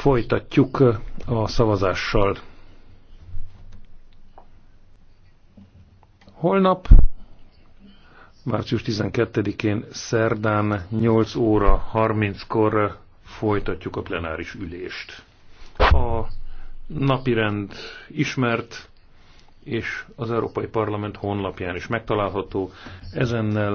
Folytatjuk a szavazással. Holnap, március 12-én, szerdán 8 óra 30-kor folytatjuk a plenáris ülést. A napirend ismert, és az Európai Parlament honlapján is megtalálható. Ezennel